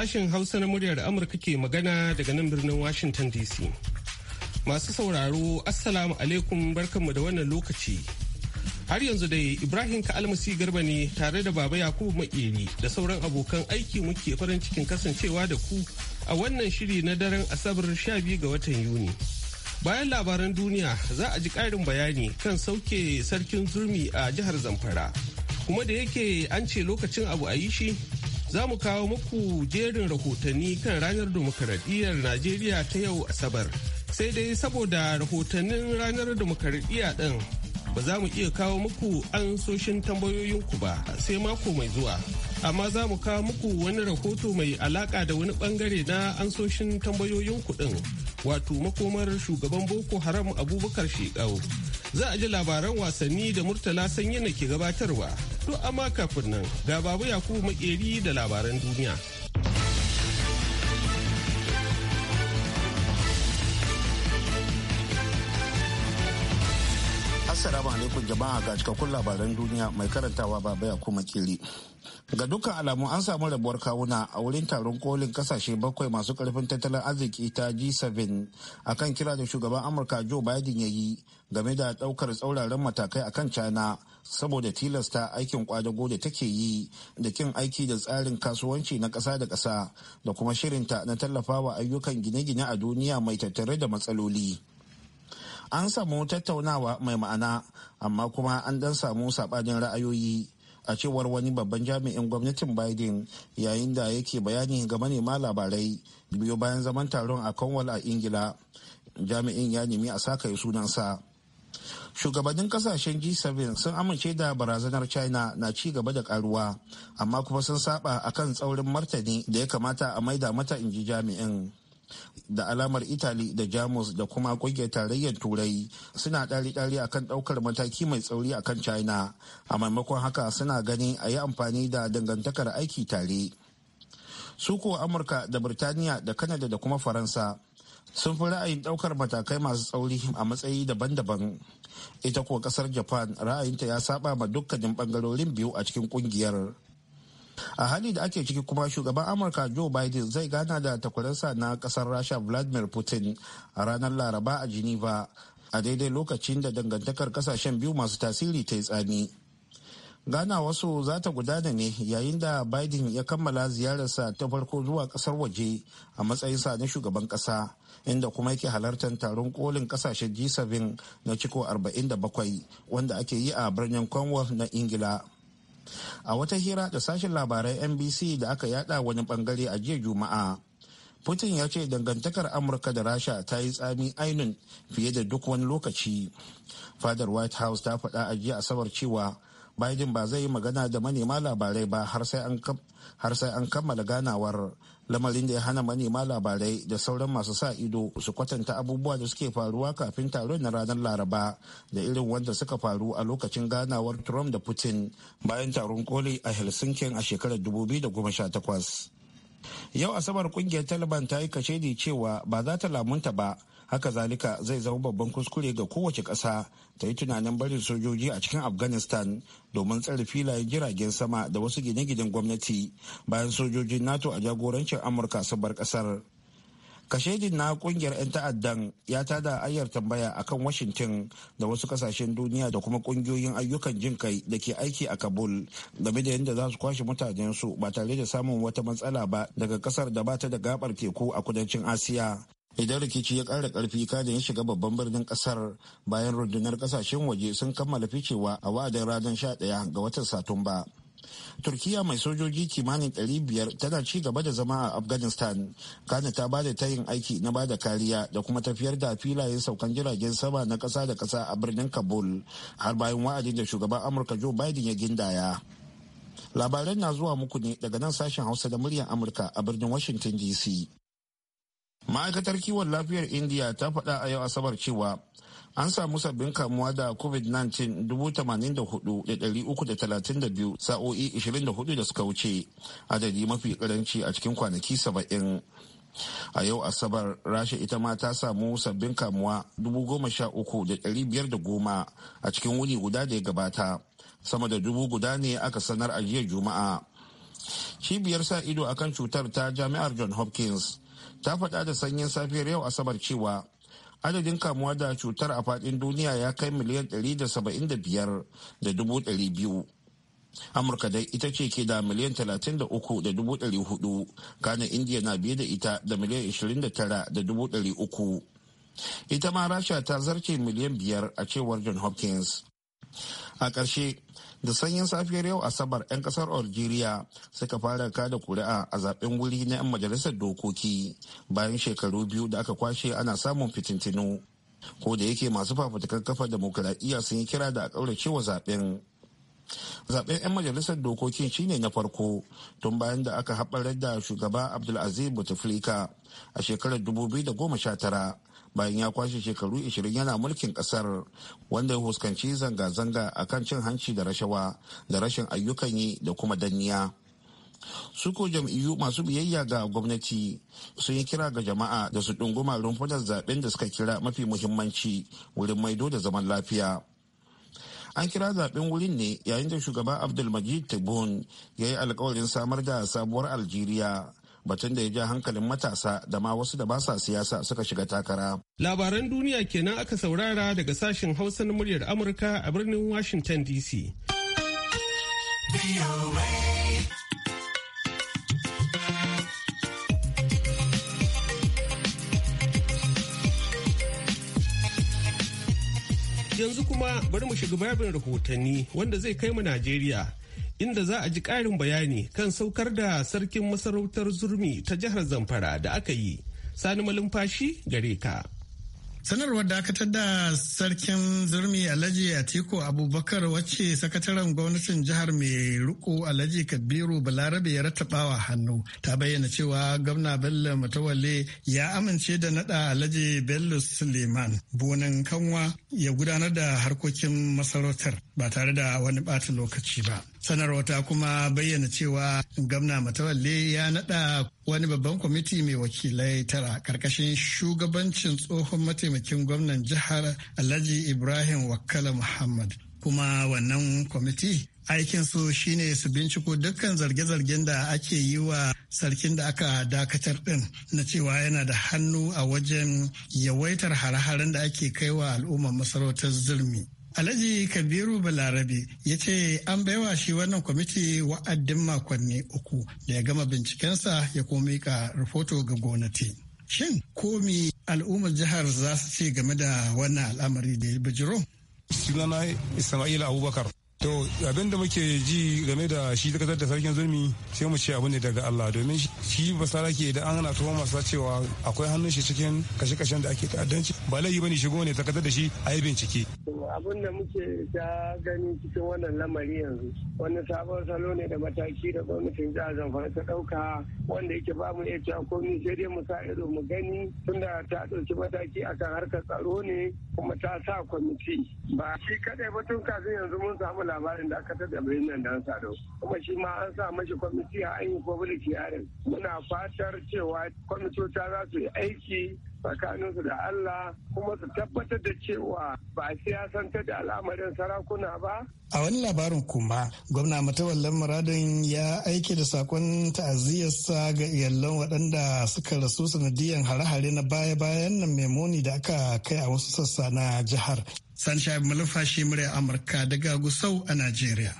Sashen Hausa na muryar Amurka ke magana daga nan birnin Washington DC. Masu sauraro, Assalamu alaikum barkanmu da wannan lokaci. Har yanzu dai Ibrahim Ka'almasi Garba ne tare da Baba Yakubu Makeri da sauran abokan aiki muke farin cikin kasancewa da ku a wannan shiri na daren Asabar 12 ga watan Yuni. Bayan labaran duniya za a ji ƙarin bayani kan sauke sarkin zurmi a jihar Zamfara. Kuma da yake an ce lokacin abu a yi shi za mu kawo muku jerin rahotanni kan ranar demokaradiyyar Najeriya ta yau Asabar. Sai dai saboda rahotannin ranar demokaradiyya ɗin ba za mu iya kawo muku ansoshin tambayoyinku ba sai mako mai zuwa. Amma za mu kawo muku wani rahoto mai alaka da wani bangare na ansoshin soshin tambayoyinku ɗin wato makomar shugaban Boko Haram Abubakar Shekau. Za a ji labaran wasanni da Murtala Sanyi na ke gabatarwa. To amma kafin nan ga babu Yakubu makeri da labaran duniya. Assalamu alaikum jama'a ga cikakkun labaran duniya mai karantawa baba ya kuma kiri. Ga dukkan alamu an samu rabuwar kawuna a wurin taron kolin kasashe bakwai masu karfin tattalin arziki ta G7 akan kira da shugaban Amurka Joe Biden ya yi game da daukar tsauraran matakai akan China saboda tilasta aikin kwadago da take yi da kin aiki da tsarin kasuwanci na ƙasa da ƙasa da kuma shirinta na tallafawa ayyukan gine-gine a duniya mai tattare da matsaloli. An samu tattaunawa mai ma'ana amma kuma an dan samu saɓanin ra'ayoyi a cewar wani babban jami'in gwamnatin Biden yayin da yake bayani ga manema labarai biyo bayan zaman taron a Cornwall a Ingila. Jami'in ya nemi a saka sunansa. shugabannin kasashen g7 sun amince da barazanar china na ci gaba da karuwa amma kuma sun saba akan tsaurin martani da ya kamata a maida mata in ji jami'in da alamar italy da jamus da kuma kungiyar tarayyar turai suna ɗari-ɗari akan ɗaukar mataki mai tsauri akan china a maimakon haka suna gani a yi amfani da dangantakar aiki tare su kuwa amurka da birtaniya da kanada da kuma faransa sun fi ra'ayin daukar matakai masu tsauri a matsayi daban-daban ita kuwa kasar japan ra'ayinta ya saba ma dukkanin bangarorin biyu a cikin ƙungiyar a hali da ake ciki kuma shugaban amurka joe biden zai gana da takwarinsa na kasar rasha vladimir putin a ranar laraba a geneva a daidai lokacin da dangantakar kasashen biyu masu tasiri ta yi tsani gana wasu za ta gudana ne yayin da biden ya kammala ziyararsa ta farko zuwa kasar waje a matsayinsa na shugaban kasa inda kuma yake halartar taron kolin kasashen g7 na ciko 47 wanda ake yi a birnin cornwall na ingila a wata hira da sashen labarai nbc da aka yada wani bangare a jiya juma'a putin ya ce dangantakar amurka da rasha ta yi tsami ainun fiye da duk wani lokaci fadar white house ta faɗa a jiya asabar cewa biden ba zai yi magana da manema labarai ba har sai an kammala ganawar lamarin da ya hana manema labarai da sauran masu sa ido su kwatanta abubuwa da suke faruwa kafin taron na ranar laraba da irin wanda suka faru a lokacin ganawar trump da putin bayan taron koli a helsinki a shekarar 2018 yau asabar kungiyar taliban ta yi kashedi cewa ba za ta lamunta ba haka zalika zai zama babban kuskure ga kowace ƙasa ta yi tunanin barin sojoji a cikin afghanistan domin tsare filayen jiragen sama da wasu gine-ginen gwamnati bayan sojojin nato a jagorancin amurka su bar ƙasar kashedin na kungiyar 'yan ta'addan ya tada ayyar tambaya a kan washington da wasu kasashen duniya da kuma kungiyoyin ayyukan jin kai da ke aiki a kabul game da yadda za su kwashe mutanensu ba tare da samun wata matsala ba daga kasar da ba ta da gabar teku a kudancin asiya idan rikici ya ƙara ƙarfi kada ya shiga babban birnin ƙasar bayan rundunar ƙasashen waje sun kammala ficewa a wa'adin ranar 11 ga watan satumba turkiya mai sojoji kimanin 500 tana ci gaba da zama a afghanistan kana ta bada ta yin aiki na bada kariya da kuma tafiyar da filayen saukan jiragen sama na ƙasa da ƙasa a birnin kabul har bayan wa'adin da shugaban amurka joe biden ya gindaya labaran na zuwa muku ne daga nan sashen hausa da muryar amurka a birnin washington dc ma'aikatar kiwon lafiyar indiya ta faɗa a yau asabar cewa an samu sabbin kamuwa da covid-19 84,332 sa'o'i 24 da suka wuce adadi mafi karanci a cikin kwanaki 70 a yau asabar rasha ita ma ta samu sabbin kamuwa 13,510 a cikin wuni guda da ya gabata sama da dubu guda ne aka sanar a jiya juma'a cibiyar sa ido akan cutar ta jami'ar john hopkins ta faɗa da sanyin safiyar yau asabar cewa adadin kamuwa da cutar a faɗin duniya ya kai miliyan 175,200 da amurka dai ita ce ke da miliyan 33,400 kana indiya na biye da ita da miliyan 29,300 ita ma rasha ta zarce miliyan biyar a cewar john hopkins a ƙarshe da sanyin safiyar yau asabar 'yan kasar algeria suka fara kada kuri'a a zaben wuri na 'yan majalisar dokoki bayan shekaru biyu da aka kwashe ana samun fitintinu ko da yake masu fafutukar kafa demokuraɗiyya sun yi kira da a ƙauracewa zaben zaben 'yan majalisar dokokin shine na farko tun bayan da aka haɓarar da shugaba abdulaziz bouteflika a shekarar 2019 bayan ya kwashe shekaru 20 yana mulkin kasar wanda ya huskanci zanga-zanga a kan cin hanci da rashawa da rashin ayyukan yi da kuma danniya. suko jam'iyyu masu biyayya ga gwamnati sun yi kira ga jama'a da su ɗunguma rumfunan zaben da suka kira mafi muhimmanci wurin maido da zaman lafiya an kira zaben wurin ne yayin da shugaba abdulmajid tibun ya yi alkawarin samar da sabuwar algeria batun da ya ja hankalin matasa da ma wasu da ba sa siyasa suka shiga takara. Labaran duniya kenan aka saurara daga sashen Hausa na muryar Amurka a birnin Washington DC. Yanzu kuma bari mu shiga babin rahotanni wanda zai kai mu Najeriya. inda za a ji ƙarin bayani kan saukar da sarkin masarautar zurmi ta jihar Zamfara da aka yi. Sani malumfashi gare ka. Sanarwar dakatar da sarkin zurmi Alhaji Atiku Abubakar wacce sakataren gwamnatin jihar mai riko Alhaji Kabiru Balarabe ya rattabawa hannu ta bayyana cewa gwamna Bello Mutawalle ya amince da nada Alhaji Bello Suleiman bonin kanwa ya gudanar da harkokin masarautar ba tare da wani bata lokaci ba. sanarwa ta kuma bayyana cewa gwamna matawalle ya nada wani babban kwamiti mai wakilai tara karkashin shugabancin tsohon mataimakin gwamnan jihar alhaji ibrahim wakala muhammad kuma wannan kwamiti aikin su shine su binciko dukkan zarge-zargen da ake yi wa sarkin da aka dakatar din na cewa yana da hannu a wajen yawaitar hare-haren da ake kaiwa al'ummar masarautar zurmi Alhaji Kabiru Balarabi ya ce an baiwa shi wannan kwamiti wa'adin makonni uku da ya gama bincikensa ya kuma ka rahoto ga gwamnati. Shin komi al'ummar jihar za su ce game da wannan al'amari da ya bijiro? Sunana Ismail Abubakar. To abin da muke ji game da shi dakatar da sarkin zulmi sai mu ce abu ne daga Allah domin shi basara ke idan an hana tuwa masu cewa akwai hannun shi cikin kashe-kashen da ake ta'addanci ba laifi bane shigo ne kasar da shi a yi bincike. Abin da muke ta gani cikin wannan lamari yanzu wani sabon salo ne da mataki da gwamnatin jihar Zamfara ta dauka wanda yake ba mu iya cewa komi sai dai mu sa ido mu gani tunda ta dauki mataki akan harkar tsaro ne kuma ta sa kwamiti ba shi kadai ba tun kafin yanzu mun samu labarin da aka tada birnin da an sado kuma shi ma an sa mashi kwamiti a an public hearing muna fatar cewa kwamitota za su yi aiki tsakaninsu da Allah kuma su tabbatar da cewa ba siyasantar da al'amarin sarakuna ba. A wani labarin kuma, gwamna Matawallan muradin ya aike da sakon ta'aziyyarsa ga iyalan waɗanda suka rasu sanadiyar hare-hare na baya-bayan nan memoni da aka kai a wasu sassa na jihar. Sunshine Malumfashi murya Amurka daga Gusau a Najeriya.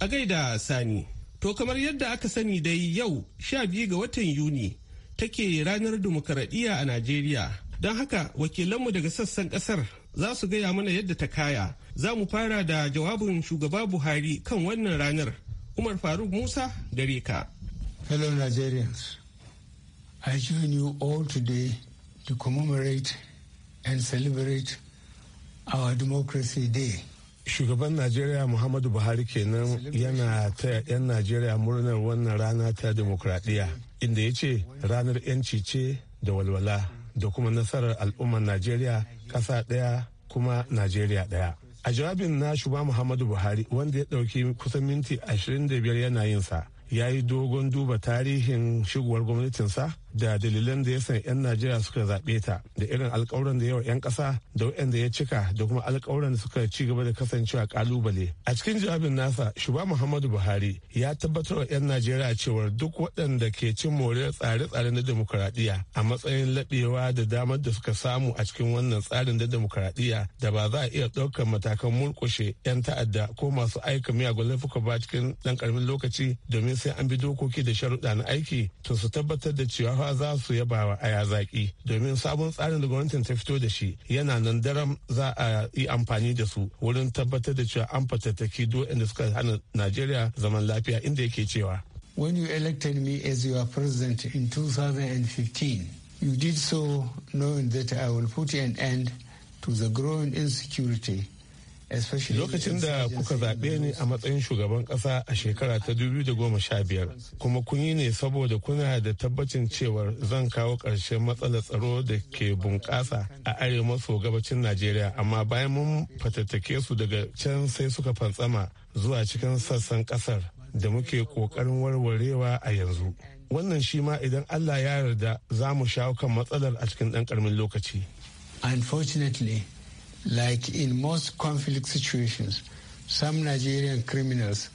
A gaida Sani, to kamar yadda aka sani dai yau sha biyu ga watan Yuni take ranar dimokuraɗiyya a Najeriya. Don haka wakilanmu daga sassan ƙasar za su gaya mana yadda ta kaya. Za mu fara da jawabin shugaba Buhari kan wannan ranar. Umar Faruk Musa gare ka. Hello Nigerians, I join you all today to commemorate and celebrate our democracy day. Shugaban Najeriya Muhammadu Buhari kenan yana ta 'yan Najeriya murnar wannan rana ta demokradiyya inda ya ce ranar 'yanci ce da walwala da kuma nasarar al'ummar Najeriya ƙasa ɗaya kuma Najeriya ɗaya. A jawabin na Shuba Muhammadu Buhari wanda ya ɗauki kusan minti 25 yana yinsa ya yi dogon duba tarihin shigowar gwamnatinsa da dalilan da ya san 'yan najeriya suka zaɓe ta da irin alkawuran da yawa 'yan ƙasa da wayanda ya cika da kuma alkawuran da suka ci gaba da kasancewa kalubale a cikin jawabin nasa shuba muhammadu buhari ya tabbatar wa 'yan najeriya cewa duk waɗanda ke cin moriyar tsare-tsare na demokuraɗiyya a matsayin laɓewa da damar da suka samu a cikin wannan tsarin da demokuraɗiyya da ba za a iya ɗaukar matakan murƙushe 'yan ta'adda ko masu aika miyagun laifuka ba cikin ɗan ƙaramin lokaci domin sai an bi dokoki da sharuɗa na aiki to su tabbatar da cewa za su yaba wa domin sabon tsarin da gwamnatin ta fito da shi yana nan daram za a yi amfani da su wurin tabbatar da cewa an fatattaki inda suka hana Najeriya zaman lafiya inda yake cewa. When you elected me as your president in 2015, you did so knowing that I will put an end to the growing insecurity Lokacin da kuka zaɓe ni a matsayin shugaban ƙasa a shekara ta 2015 kuma kun yi ne saboda kuna da tabbacin cewar zan kawo ƙarshen matsalar tsaro da ke bunƙasa a arewa maso gabacin Najeriya amma bayan mun fatattake su daga can sai suka fantsama zuwa cikin sassan ƙasar da muke ƙoƙarin warwarewa a yanzu. Wannan shi ma idan Allah ya yarda za mu shawo kan matsalar a cikin ɗan ƙaramin lokaci. Unfortunately, Like in most conflict situations, some Nigerian criminals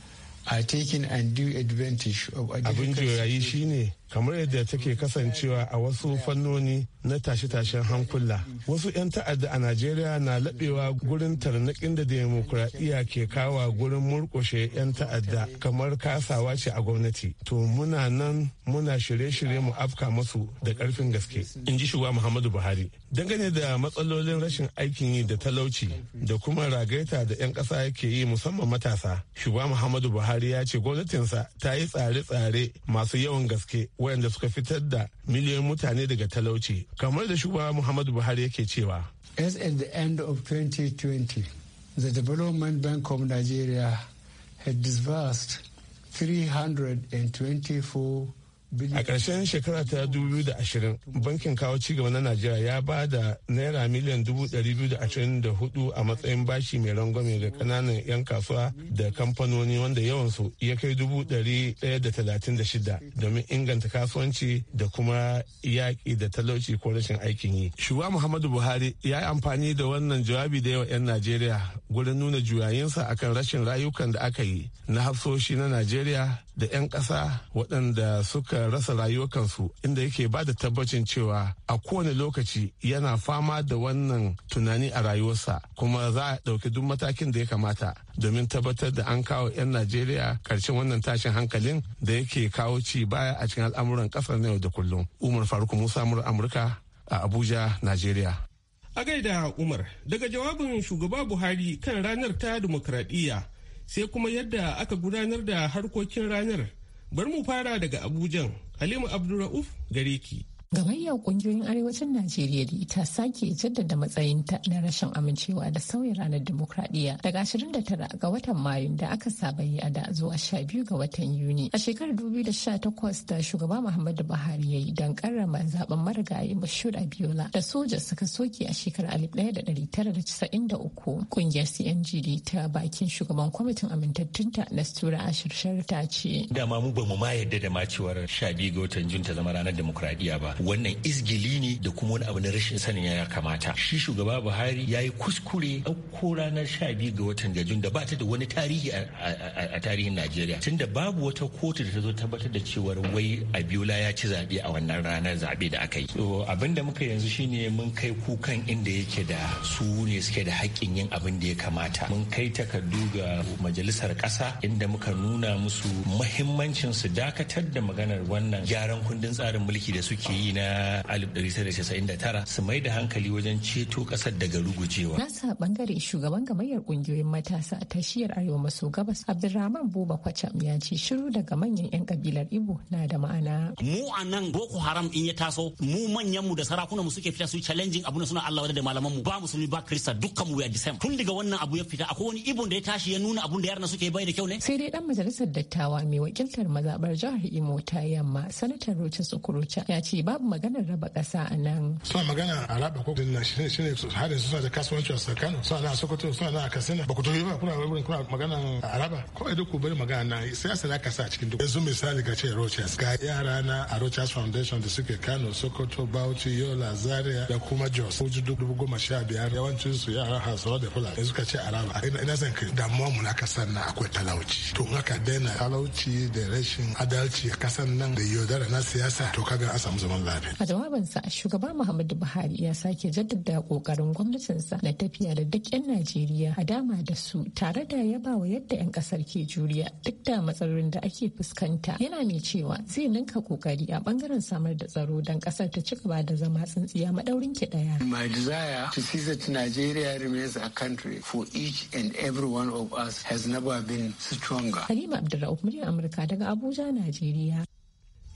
are taking undue advantage of a difficult situation. kamar yadda take kasancewa a wasu fannoni na tashe-tashen hankula wasu 'yan ta'adda a najeriya na laɓewa gurin tarnaƙin da demokuraɗiyya ke kawa gurin murƙushe 'yan ta'adda kamar kasawa ce a gwamnati to muna nan muna shirye-shirye mu afka masu da ƙarfin gaske in ji shugaba muhammadu buhari dangane da matsalolin rashin aikin yi da talauci da kuma ragaita da 'yan ƙasa ke yi musamman matasa shugaba muhammadu buhari ya ce gwamnatinsa ta yi tsare-tsare masu yawan gaske wayanda suka fitar da miliyoyin mutane daga talauci kamar da shugaba muhammadu buhari yake cewa as at the end of 2020 the development bank of nigeria had disbursed 324 a ƙarshen shekara ta 2020 bankin kawo cigaba na najeriya ya ba da naira miliyan 224 a matsayin bashi mai rangwame ga kananan 'yan kasuwa da kamfanoni wanda yawansu ya kai 136 domin inganta kasuwanci da kuma yaƙi da talauci ko rashin aikin yi shugaba muhammadu buhari ya yi amfani da wannan jawabi da yawa 'yan najeriya gurin nuna juyayinsa akan rashin rayukan da aka yi na hafsoshi na najeriya da 'yan ƙasa waɗanda suka rasa rayuwakansu inda yake ba da tabbacin cewa a kowane lokaci yana fama da wannan tunani a rayuwarsa kuma za a ɗauki duk matakin da ya kamata domin tabbatar da an kawo 'yan najeriya karshen wannan tashin hankalin da yake kawo ci baya a cikin al'amuran kasar na yau da kullum umar faruk musa mur amurka a abuja najeriya a gaida umar daga jawabin shugaba buhari kan ranar ta dimokuraɗiyya sai kuma yadda aka gudanar da harkokin ranar Bari mu fara daga Abujan, Halima Abdulra'uf gare ki. Gamayyar kungiyoyin arewacin Najeriya da ita sake jaddada matsayinta na rashin amincewa da sauyin ranar demokradiyya daga 29 ga watan Mayu da aka saba yi a da zuwa 12 ga watan Yuni. A shekarar 2018 da shugaba Muhammadu Buhari ya yi don karrama zaben marigayi Bashir Abiola da soja suka soke a shekarar 1993. Kungiyar CNGD ta bakin shugaban kwamitin amintattunta Nastura Ashir ta ce. Dama mu ba mu ma yadda da macewar 12 ga watan Jun ta zama ranar demokradiyya ba. wannan izgili ne da kuma wani abu na rashin sanin ya kamata shi shugaba buhari ya yi kuskure ɗauko ranar sha biyu ga watan gajun da ba ta da wani tarihi a tarihin najeriya tunda babu wata kotu da ta zo tabbatar da cewar wai abiola ya ci zaɓe a wannan ranar zaɓe da aka yi abin da muka yanzu shine mun kai kukan inda yake da su ne suke da haƙƙin yin abin da ya kamata mun kai takardu ga majalisar ƙasa inda muka nuna musu mahimmancin su dakatar da maganar wannan gyaran kundin tsarin mulki da suke yi yi na 1999 su mai da hankali wajen ceto kasar daga rugujewa. Nasa bangare shugaban gamayyar kungiyoyin matasa a tashiyar Arewa maso gabas Abdulrahman Buba Kwacham ya ce shiru daga manyan 'yan kabilar Ibo na da ma'ana. Mu a nan Boko Haram in ya taso mu manyan mu da sarakunan mu suke fita su challenging abu suna Allah da malaman mu ba musulmi ba krista dukkan mu ya disem. Tun daga wannan abu ya fita akwai wani ibo da ya tashi ya nuna abun da yaran suke bai da kyau ne. Sai dai dan majalisar dattawa mai wakiltar mazabar jihar Imo ta yamma sanatar Rochas Okorocha ya ce ba babu maganar raba ƙasa a nan. Suna magana a raba ko na shi ne shi ne harin suna da kasuwanci a Sakano suna na a Sokoto suna na a Katsina ba ku tafi ba kuna wurin kuna magana a raba kawai duk ku bari magana na siyasa na kasa a cikin duk. Yanzu misali ga ce Rochas ga yara na a Rochas Foundation da suke Kano Sokoto Bauchi Yola Zaria da kuma Jos. Ko duk dubu goma sha biyar yawancin su yara Hausawa da Fulani yanzu ka ce a raba ina zan kai damuwa mu na kasar na akwai talauci. To in daina talauci da rashin adalci a kasar nan da yaudara na siyasa to kaga an samu zaman zaman A jawabinsa shugaba Muhammadu Buhari ya sake jaddada kokarin gwamnatinsa na tafiya da duk 'yan Najeriya a dama da su tare da yabawa yadda 'yan kasar ke juriya duk da matsalolin da ake fuskanta. Yana mai cewa zai ninka kokari a bangaren samar da tsaro don kasar ta ci gaba da zama tsintsiya maɗaurin ki daya. My desire to see that Nigeria remains a country for each and every one of us has never been stronger. Halima Abdulrahman Amurka daga Abuja, Najeriya.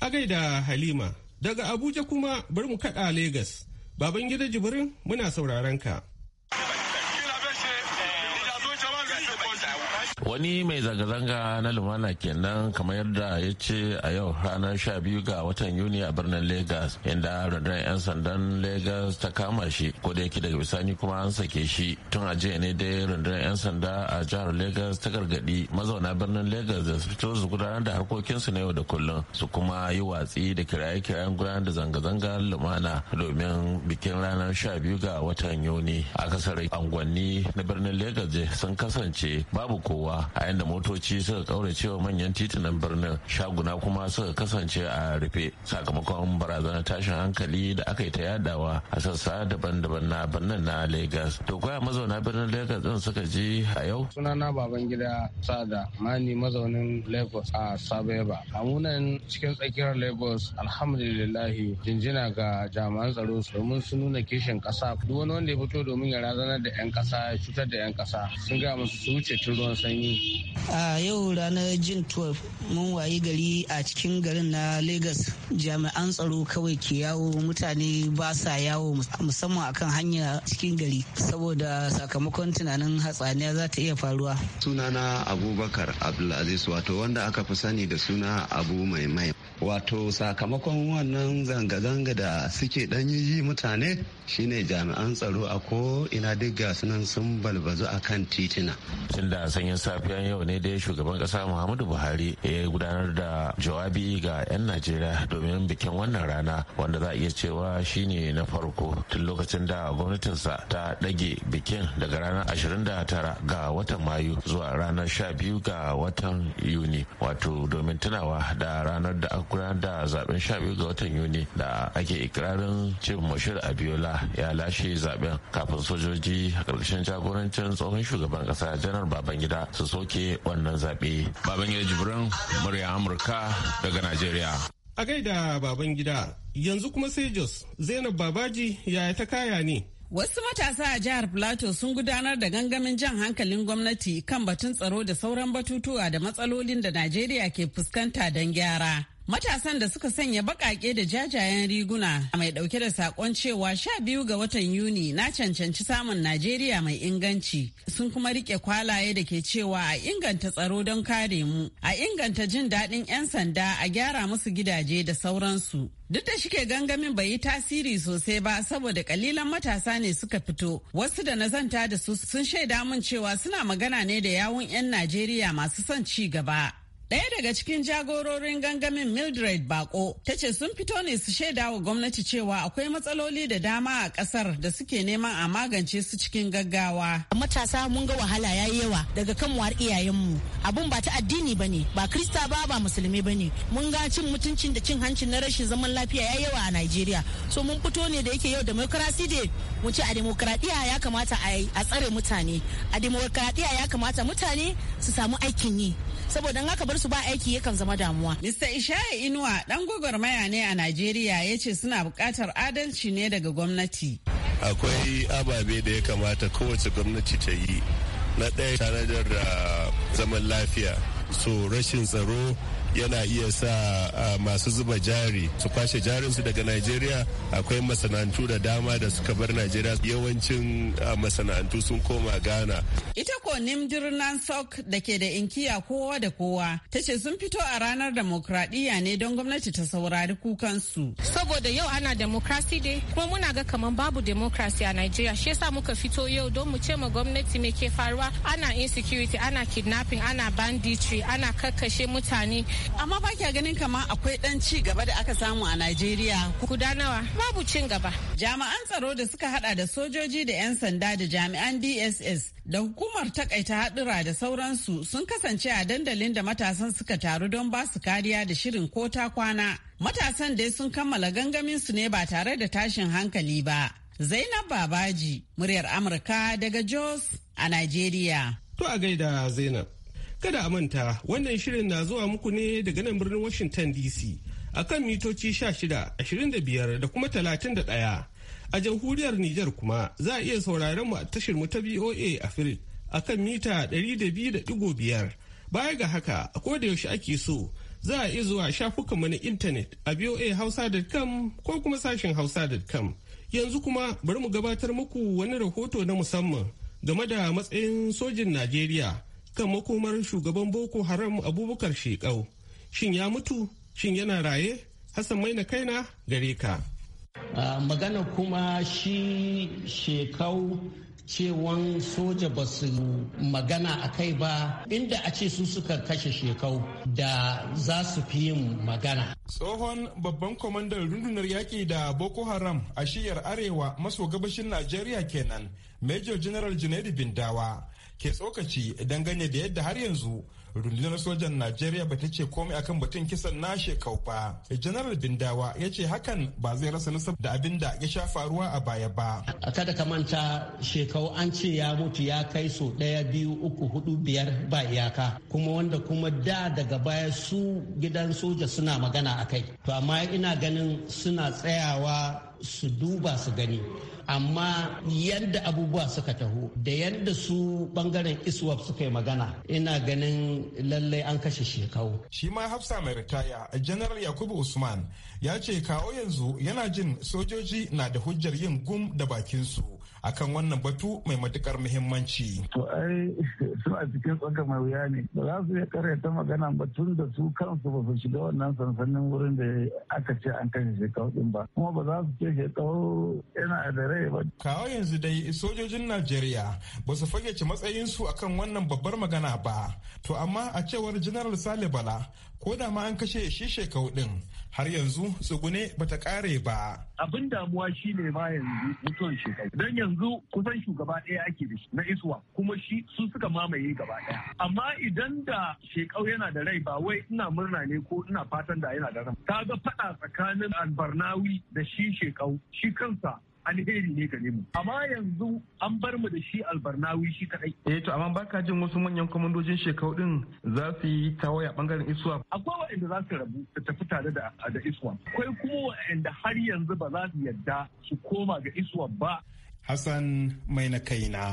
A gaida Halima. Daga Abuja kuma bari mu kaɗa Legas. Babangida gida Jibrin muna sauraron ka. wani mai zanga-zanga na lumana kenan kamar yadda ya ce a yau ranar 12 ga watan yuni a birnin lagos inda rundunar 'yan sandan lagos ta kama shi ko da yake daga bisani kuma an sake shi tun a jiya ne dai rundunar 'yan sanda a jihar lagos ta gargadi mazauna birnin lagos da su fito su gudanar da harkokinsu na yau da kullum su kuma yi watsi da kiraye-kirayen gudanar da zanga-zangar lumana domin bikin ranar 12 ga watan yuni a kasar angwanni na birnin lagos sun kasance babu kowa unguwa a inda motoci suka kaurace wa manyan titunan birnin shaguna kuma suka kasance a rufe sakamakon barazanar tashin hankali da aka yi ta yadawa a sassa daban-daban na birnin na lagos. To mazauna birnin lagos din suka ji a yau? Sunana baban gida Sada Mani mazaunin Lagos a Sabeba. Amunan cikin tsakiyar Lagos alhamdulillahi jinjina ga jami'an tsaro domin sun nuna kishin kasa. Duk wani wanda ya fito domin ya razanar da 'yan kasa ya cutar da 'yan kasa sun gaya musu su wuce ruwan sanyi. a yau ranar jin 12 mun wayi gari a cikin garin na lagos jami'an tsaro kawai ke yawo mutane ba sa yawo musamman akan hanya cikin gari saboda sakamakon tunanin hatsaniya za ta iya faruwa sunana abubakar abdulaziz wato wanda aka fi sani da suna abu mai mai wato sakamakon wannan zanga-zanga da suke dan yi mutane shine jami'an tsaro a ko ina duk gasu nan sun balbazu a kan titina tun da sanyin safiyan yau ne dai shugaban kasa muhammadu buhari ya gudanar da jawabi ga 'yan najeriya domin bikin wannan rana wanda za a iya cewa shine na farko tun lokacin da gwamnatinsa ta dage bikin daga ranar 29 ga watan mayu zuwa ranar 12 ga watan yuni wato domin tunawa da ranar da gudanar da zaben shabi ga watan yuni da ake ikirarin cin mashir abiola ya lashe zaben kafin sojoji a ƙarshen jagorancin tsohon shugaban ƙasa janar babangida su soke wannan zaɓe babangida jibrin murya amurka daga nigeria. a gaida babangida yanzu kuma sai jos zainab babaji yaya ta kaya ne Wasu matasa a jihar Plateau sun gudanar da gangamin jan hankalin gwamnati kan batun tsaro da sauran batutuwa da matsalolin da Najeriya ke fuskanta don gyara. Matasan da suka sanya bakake da jajayen riguna mai dauke da sakon cewa sha biyu ga watan Yuni na cancanci samun Najeriya mai inganci sun kuma rike kwalaye da ke cewa a inganta tsaro don kare mu, a inganta jin daɗin 'yan sanda a gyara musu gidaje da sauransu. Duk da shike gangamin bai yi tasiri sosai ba saboda kalilan matasa ne suka fito. Wasu da na zanta da su sun shaida mun cewa suna magana ne da yawun 'yan Najeriya masu son ci gaba. Ɗaya daga cikin jagororin gangamin Mildred Bako ta ce sun fito ne su shaida wa gwamnati cewa akwai matsaloli da dama a kasar da suke neman a magance su cikin gaggawa. Matasa mun ga wahala yayi yawa daga kan war iyayenmu. Abun ba ta addini ba ne, ba Krista ba ba musulmi ba ne. Mun ga cin mutuncin da cin hancin na rashin zaman lafiya yayi yawa a Najeriya. So mun fito ne da yake yau demokrasi de mun ce a demokradiya ya kamata a tsare mutane. A demokradiya ya kamata mutane su samu aikin yi. Saboda haka bar bar su ba aiki yakan zama damuwa. Mr. Ishaya Inuwa dan gwagwarmaya ne a Najeriya ya ce suna buƙatar adalci ne daga gwamnati. Akwai ababe da ya kamata kowace gwamnati ta yi na ɗaya tanadar da ah, zaman lafiya so rashin tsaro yana iya sa masu zuba jari su kwashe jarinsu daga nigeria akwai masana'antu da dama da suka bar nigeria yawancin masana'antu sun koma Ghana. Ita ko Nimdirnan Sok da ke da inkiya kowa da kowa ta ce sun fito a ranar demokradiyya ne don gwamnati ta saurari kukansu. saboda yau ana democracy day kuma muna ga kamar babu democracy a Nigeria shi yasa muka fito yau don mu ce ma gwamnati me ke faruwa ana insecurity ana kidnapping ana banditry ana kakkashe mutane amma ba kya ganin kamar akwai dan ci gaba da aka samu a Nigeria guda nawa babu cin gaba jami'an tsaro da suka hada da sojoji da 'yan sanda da jami'an DSS da hukumar takaita hadura da sauransu sun kasance a dandalin da matasan suka taru don ba su kariya da shirin ko ta kwana Matasan dai sun kammala gangamin su ne ba tare da tashin hankali ba. Zainab Babaji, muryar Amurka daga Jos a Najeriya. To a gaida Zainab. Kada a manta wannan shirin na zuwa muku ne daga nan birnin Washington DC akan mitoci 16, 25 da kuma 31. A jamhuriyar Nijar kuma za a iya sauraron mu a tashar ta BOA a akan mita 200.5. Baya ga haka, a da yaushe ake so za a iya zuwa shafukanmu na intanet a voahausa.com ko kuma sashen hausa.com. Yanzu kuma bari mu gabatar muku wani rahoto na musamman game da matsayin sojin Najeriya kan makomar shugaban Boko Haram Abubakar Shekau. Shin ya mutu? Shin yana raye? Hassan Maina Kaina gare ka. Uh, magana kuma shi Shekau cewan soja ba su magana a kai ba inda a ce su suka kashe shekau da za su fi yin magana. Tsohon babban kwamandan rundunar yaƙi da Boko Haram a shiyar Arewa maso gabashin Najeriya kenan, Major General Junaidu Bindawa ke tsokaci dangane da yadda har yanzu rundunar sojan najeriya ba ta ce komai akan batun kisan na shekau ba janar bindawa ya ce hakan ba zai rasa nasab da abin da ya sha faruwa a baya ba kada ka manta shekau an ce ya mutu ya kai so ɗaya biyu uku hudu biyar ba iyaka kuma wanda kuma da daga baya su gidan soja suna magana a kai to amma ina ganin suna tsayawa su duba su gani amma yadda abubuwa suka taho da yadda su bangaren iswap suka yi magana ina ganin lallai an kashe shekau shi ma hafsa mai ritaya general yakubu usman ya ce kawo yanzu yana jin sojoji na da hujjar yin gum da bakinsu akan wannan batu mai matukar muhimmanci. To ai su a cikin tsaka mai wuya ne ba za su iya karyata magana ba tun da su kansu ba su shiga wannan sansanin wurin da aka ce an kashe shekau din ba kuma ba za su ce shekau yana da rai ba. Kawo yanzu dai sojojin Najeriya ba su fage matsayin matsayinsu akan wannan babbar magana ba to amma a cewar General Sale Bala ko da ma an kashe shi shekau din har yanzu tsugune bata kare ba. Abin damuwa shi ne ma yanzu mutuwan shekau. Don yanzu kusan shugaba ɗaya ake da shi na iswa, kuma shi su suka mamaye gaba ɗaya. Amma idan da shekau yana da rai ba wai ina murna ne ko ina fatan da yana da rai. Ta ga faɗa tsakanin albarnawi da shi shekau shi kansa alheri ne gare mu amma yanzu an bar mu da shi albarnawi shi kadai eh to amma baka jin wasu manyan kwamandojin shekau din za su yi tawaya bangaren iswa akwai waɗanda za su rabu da tafi tare da da iswa akwai kuma waɗanda har yanzu ba za su yadda su koma ga iswa ba hassan mai na kaina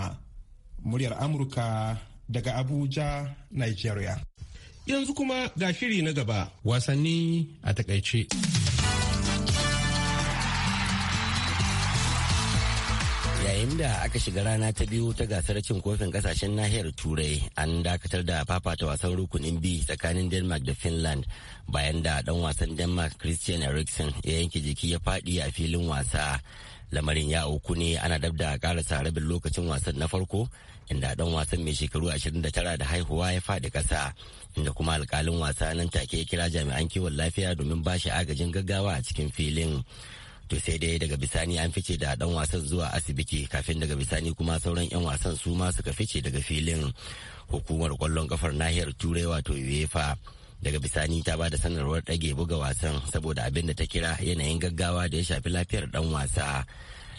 muryar amurka daga abuja nigeria yanzu kuma ga shiri na gaba wasanni a takaice yayin da aka shiga rana ta biyu ta gasar cin kofin kasashen nahiyar turai an dakatar da fafata wasan rukunin bi tsakanin denmark da finland bayan da dan wasan denmark christian eriksen ya yanke jiki ya fadi a filin wasa lamarin ya auku ne ana dab da karasa rabin lokacin wasan na farko inda dan wasan mai shekaru 29 da haihuwa ya fadi kasa inda kuma alkalin wasa nan take ya kira jami'an kiwon lafiya domin ba shi agajin gaggawa a cikin filin to sai dai daga bisani an fice da dan wasan zuwa asibiti kafin daga bisani kuma sauran 'yan wasan su ma suka fice daga filin hukumar kwallon kafar nahiyar turai wato uefa daga bisani ta ba da sanarwar ɗage buga wasan saboda abin da ta kira yanayin gaggawa da ya shafi lafiyar dan wasa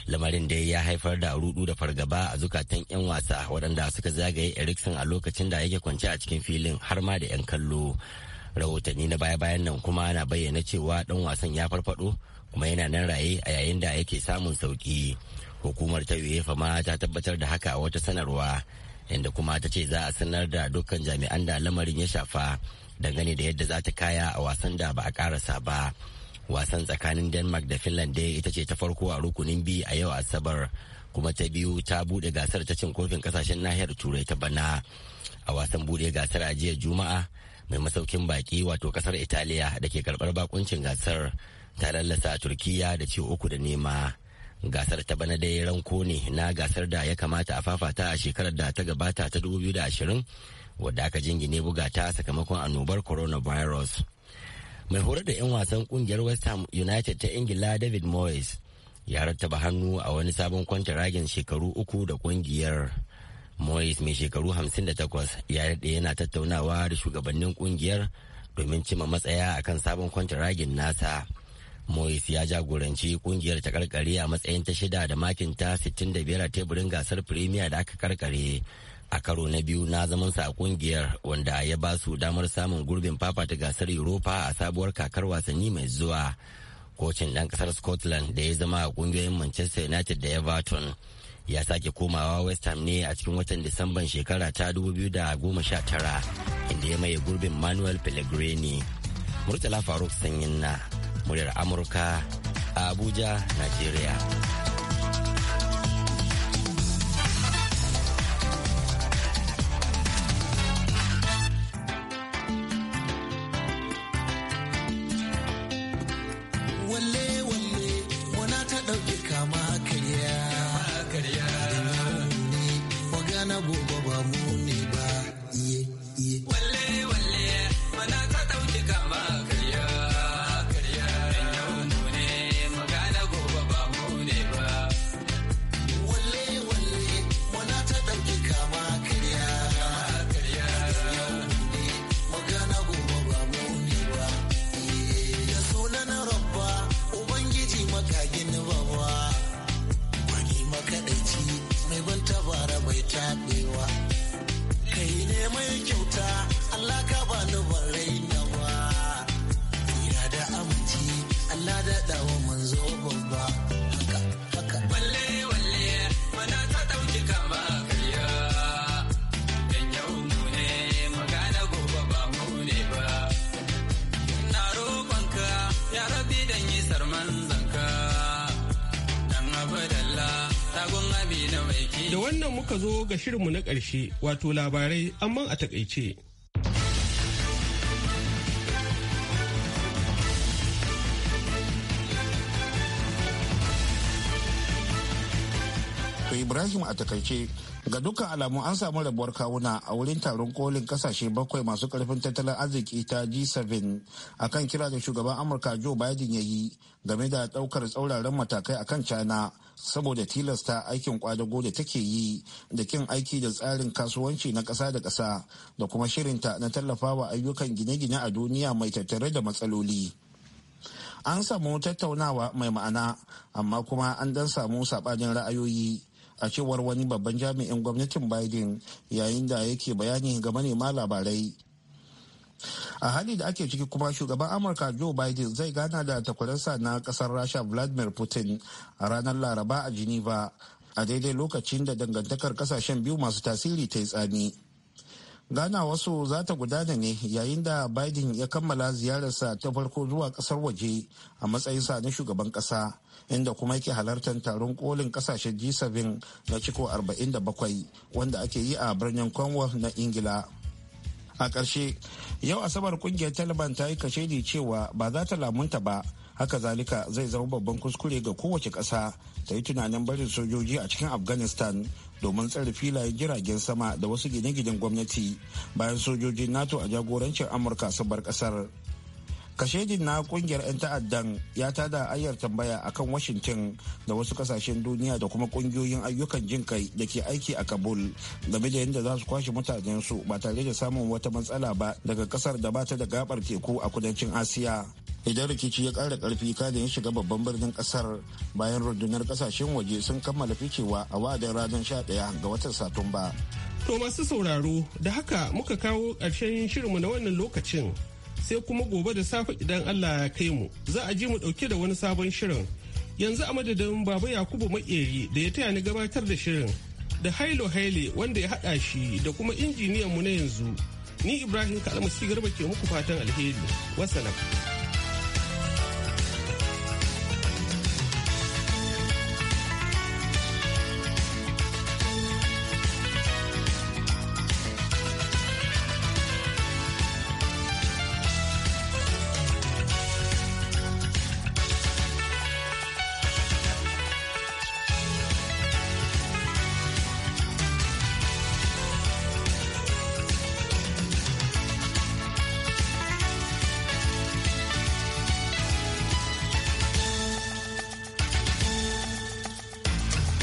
lamarin da ya haifar da rudu da fargaba a zukatan 'yan wasa waɗanda suka zagaye erikson a lokacin da yake kwance a cikin filin har ma da 'yan kallo rahotanni na baya-bayan nan kuma na bayyana cewa ɗan wasan ya farfado kuma yana nan raye a yayin da yake samun sauki hukumar ta uefa ma ta tabbatar da haka a wata sanarwa inda kuma ta ce za a sanar da dukkan jami'an da lamarin ya shafa dangane da yadda za ta kaya a wasan da ba a karasa ba wasan tsakanin denmark da finland dai ita ce ta farko a rukunin biyu a yau asabar kuma ta biyu ta bude gasar ta cin kofin kasashen nahiyar turai ta bana a wasan bude gasar a jiya juma'a mai masaukin baki wato kasar italiya da ke karbar bakuncin gasar ta lallasa turkiya da ci uku da nema gasar ta bana dai ranko ne na gasar da ya kamata a fafata a shekarar da ta gabata ta 2020 wadda aka jingine buga ta sakamakon annobar coronavirus mai horar da 'yan wasan kungiyar west ham united ta ingila david moyes ya rattaba hannu a wani sabon kwantaragen shekaru uku da kungiyar moyes mai shekaru 58 ya daɗe yana tattaunawa da shugabannin kungiyar domin cima matsaya akan sabon kwantaragen nasa. Moise ya jagoranci kungiyar ta karkare a matsayin ta shida da makin ta 65 a teburin gasar Premier da aka karkare a karo na biyu na zamansa a kungiyar wanda ya ba su damar samun gurbin fafata gasar Europa a sabuwar kakar wasanni mai zuwa. Kocin dan ƙasar Scotland da ya zama a kungiyoyin Manchester United da Everton ya sake komawa West Ham ne a cikin watan Disamban shekara ta 2019 inda ya maye gurbin Manuel Pellegrini. Murtala Faruk Sanyin na muryar amurka a abuja nigeria ga shirinmu na ƙarshe wato labarai amma a takaice. Ibrahim a takaice ga dukkan alamu an samu rabuwar kawuna a wurin taron kolin kasashe bakwai masu karfin tattalin arziki ta G7 a kan kira da shugaban Amurka Joe Biden ya yi game da daukar tsauraran matakai akan China saboda tilasta aikin kwadago da take yi da kin aiki da tsarin kasuwanci na ƙasa da ƙasa da kuma shirinta na tallafawa ayyukan gine-gine a duniya mai tattare da matsaloli. An samu tattaunawa mai ma'ana amma kuma an dan samu saɓanin ra'ayoyi a cewar wani babban jami'in gwamnatin Biden yayin da yake bayani ga manema labarai a hali da ake ciki kuma shugaban amurka joe biden zai gana da takwarinsa na kasar rasha vladimir putin a ranar laraba a geneva a daidai lokacin da dangantakar kasashen biyu masu tasiri ta yi tsani. gana wasu za ta gudana ne yayin da biden ya kammala ziyararsa ta farko zuwa kasar waje a matsayinsa na shugaban kasa inda kuma yake halartar taron kolin kasashen g7 na ciko 47 wanda ake yi a birnin cornwall na ingila a ƙarshe yau asabar kungiyar taliban ta yi kashedi cewa ba za ta lamunta ba haka zalika zai zama babban kuskure ga kowace ƙasa ta yi tunanin barin sojoji a cikin afghanistan domin tsare filayen jiragen sama da wasu gine-ginen gwamnati bayan sojojin nato a jagorancin amurka su bar ƙasar kashedin na kungiyar 'yan ta'addan ya tada ayyar tambaya akan washington da wasu kasashen duniya da kuma kungiyoyin ayyukan jin kai da ke aiki a kabul game da yadda za su kwashe mutanensu ba tare da samun wata matsala ba daga kasar da bata da gabar teku a kudancin asiya idan rikici ya kara karfi kada ya shiga babban birnin kasar bayan rundunar kasashen waje sun kammala ficewa a wa'adin ranar sha ɗaya ga watan satumba to masu sauraro da haka muka kawo ƙarshen shirinmu na wannan lokacin sai kuma gobe da safe idan Allah ya kai mu za a ji mu dauke da wani sabon shirin yanzu a madadin baba yakubu makeri da ya taya ni gabatar da shirin da hailo haile wanda ya haɗa shi da kuma injiniyan mu na yanzu ni ibrahim kalmasi garba ke muku fatan alheri wasalam